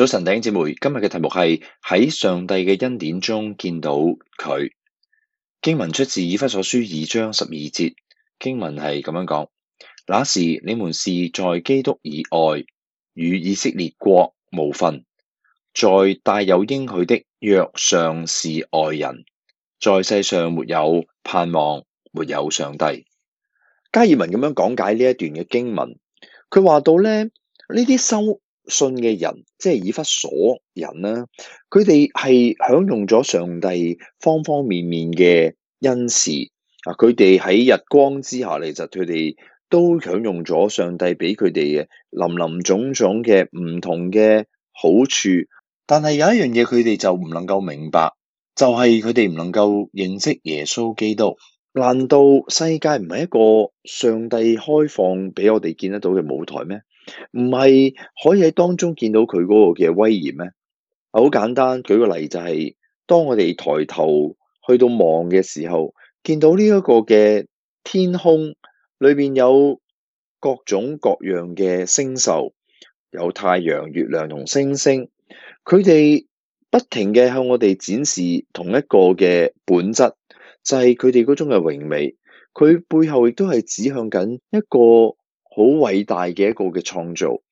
早晨，弟兄姊妹，今日嘅題目係喺上帝嘅恩典中見到佢。經文出自以弗所書二章十二節，經文係咁樣講：那時你們是在基督以外，與以色列國無分；在帶有應許的約上是外人，在世上沒有盼望，沒有上帝。加爾文咁樣講解呢一段嘅經文，佢話到呢：「呢啲修……」信嘅人，即係以弗所人啦，佢哋係享用咗上帝方方面面嘅恩賜啊！佢哋喺日光之下，其實佢哋都享用咗上帝俾佢哋嘅林林種種嘅唔同嘅好處。但係有一樣嘢，佢哋就唔能夠明白，就係佢哋唔能夠認識耶穌基督。難道世界唔係一個上帝開放俾我哋見得到嘅舞台咩？唔係可以喺當中見到佢嗰個嘅威嚴咩？好簡單，舉個例就係、是、當我哋抬頭去到望嘅時候，見到呢一個嘅天空裏面有各種各樣嘅星宿，有太陽、月亮同星星，佢哋不停嘅向我哋展示同一個嘅本質，就係佢哋嗰種嘅榮美。佢背後亦都係指向緊一個。好偉大嘅一個嘅創造。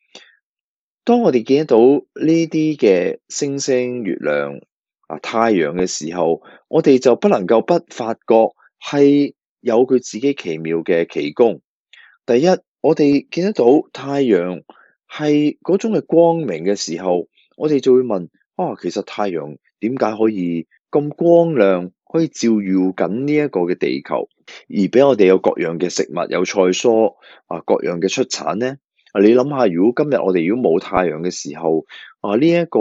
當我哋見得到呢啲嘅星星、月亮、啊太陽嘅時候，我哋就不能夠不發覺係有佢自己奇妙嘅奇功。第一，我哋見得到太陽係嗰種嘅光明嘅時候，我哋就會問啊，其實太陽點解可以咁光亮？可以照耀緊呢一個嘅地球，而俾我哋有各樣嘅食物，有菜蔬啊各樣嘅出產咧。啊，呢你諗下，如果今日我哋如果冇太陽嘅時候，啊呢一個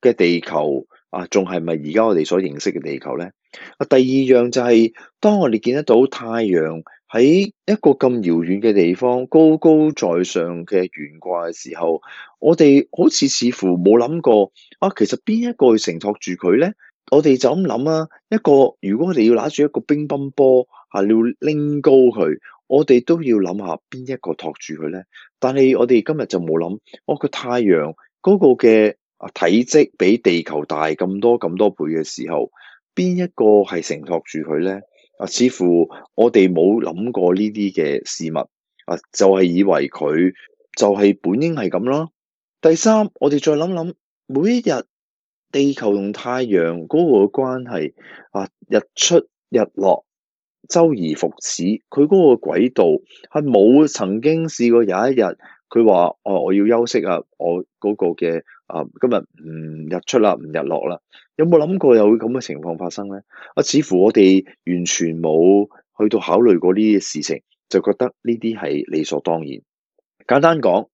嘅地球啊，仲係咪而家我哋所認識嘅地球咧？啊，第二樣就係當我哋見得到太陽喺一個咁遙遠嘅地方高高在上嘅懸掛嘅時候，我哋好似似乎冇諗過啊，其實邊一個去承托住佢咧？我哋就咁諗啦，一個如果我哋要拿住一個乒乓波，啊，要拎高佢，我哋都要諗下邊一個托住佢咧？但係我哋今日就冇諗，哦，個太陽嗰個嘅啊體積比地球大咁多咁多倍嘅時候，邊一個係承托住佢咧？啊，似乎我哋冇諗過呢啲嘅事物，啊，就係以為佢就係本應係咁咯。第三，我哋再諗諗，每一日。地球同太陽嗰個關係啊，日出日落周而復始，佢嗰個軌道係冇曾經試過有一日佢話哦，我要休息啊，我嗰個嘅啊今日唔日出啦，唔日落啦，有冇諗過有咁嘅情況發生咧？啊，似乎我哋完全冇去到考慮過呢啲事情，就覺得呢啲係理所當然。簡單講，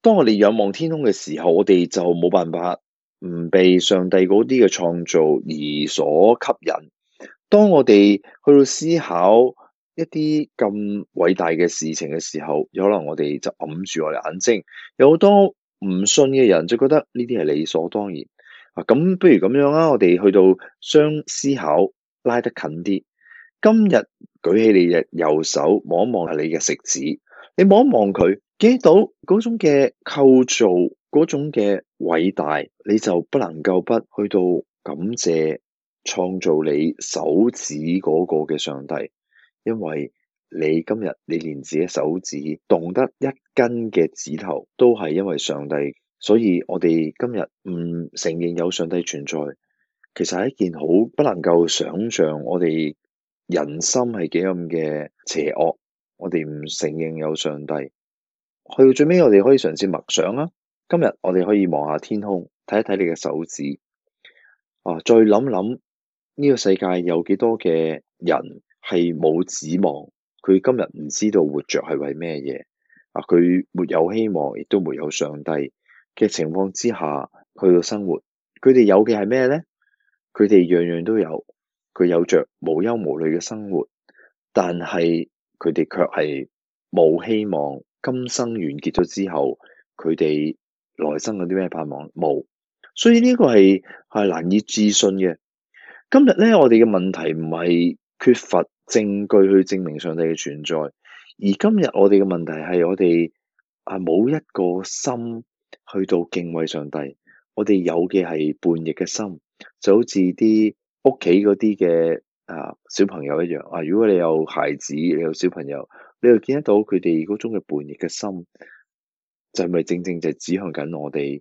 當我哋仰望天空嘅時候，我哋就冇辦法唔被上帝嗰啲嘅創造而所吸引。當我哋去到思考一啲咁偉大嘅事情嘅時候，有可能我哋就揞住我哋眼睛。有好多唔信嘅人就覺得呢啲係理所當然。啊，咁不如咁樣啦，我哋去到將思考拉得近啲。今日舉起你嘅右手望一望係你嘅食指，你望一望佢，記到嗰種嘅構造。嗰種嘅偉大，你就不能夠不去到感謝創造你手指嗰個嘅上帝，因為你今日你連自己手指動得一根嘅指頭，都係因為上帝。所以我哋今日唔承認有上帝存在，其實係一件好不能夠想象，我哋人心係幾咁嘅邪惡。我哋唔承認有上帝，去到最尾，我哋可以嘗試默想啦。今日我哋可以望下天空，睇一睇你嘅手指。哦，再諗諗呢個世界有幾多嘅人係冇指望，佢今日唔知道活着係為咩嘢。啊，佢沒有希望，亦都沒有上帝嘅情況之下，去到生活，佢哋有嘅係咩咧？佢哋樣樣都有，佢有着無憂無慮嘅生活，但係佢哋卻係冇希望，今生完結咗之後，佢哋內心有啲咩盼望？冇，所以呢個係係難以置信嘅。今日咧，我哋嘅問題唔係缺乏證據去證明上帝嘅存在，而今日我哋嘅問題係我哋啊冇一個心去到敬畏上帝。我哋有嘅係叛逆嘅心，就好似啲屋企嗰啲嘅啊小朋友一樣。啊，如果你有孩子，你有小朋友，你又見得到佢哋嗰種嘅叛逆嘅心。就係咪正正就指向緊我哋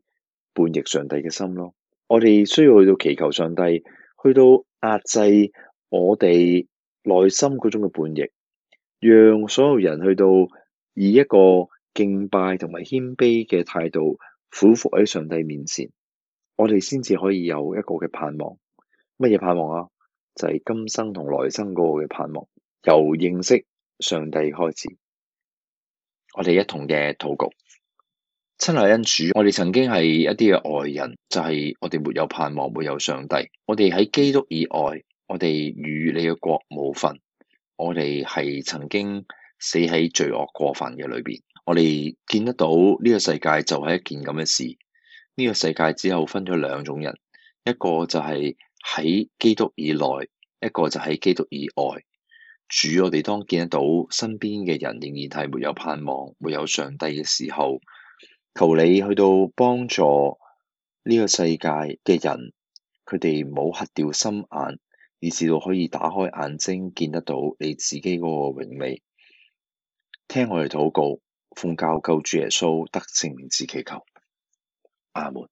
叛逆上帝嘅心咯？我哋需要去到祈求上帝，去到壓制我哋內心嗰種嘅叛逆，讓所有人去到以一個敬拜同埋謙卑嘅態度，俯伏喺上帝面前，我哋先至可以有一個嘅盼望。乜嘢盼望啊？就係今生同來生嗰個嘅盼望，由認識上帝開始，我哋一同嘅禱告。親愛恩主，我哋曾經係一啲嘅外人，就係我哋沒有盼望，沒有上帝。我哋喺基督以外，我哋與你嘅國冇分。我哋係曾經死喺罪惡過犯嘅裏邊。我哋見得到呢個世界就係一件咁嘅事。呢個世界只有分咗兩種人，一個就係喺基督以內，一個就喺基督以外。主，我哋當見得到身邊嘅人仍然係沒有盼望、沒有上帝嘅時候。求你去到幫助呢個世界嘅人，佢哋冇黑掉心眼，以至到可以打開眼睛見得到你自己嗰個榮美。聽我哋禱告，奉教救主耶穌得聖名字祈求，阿門。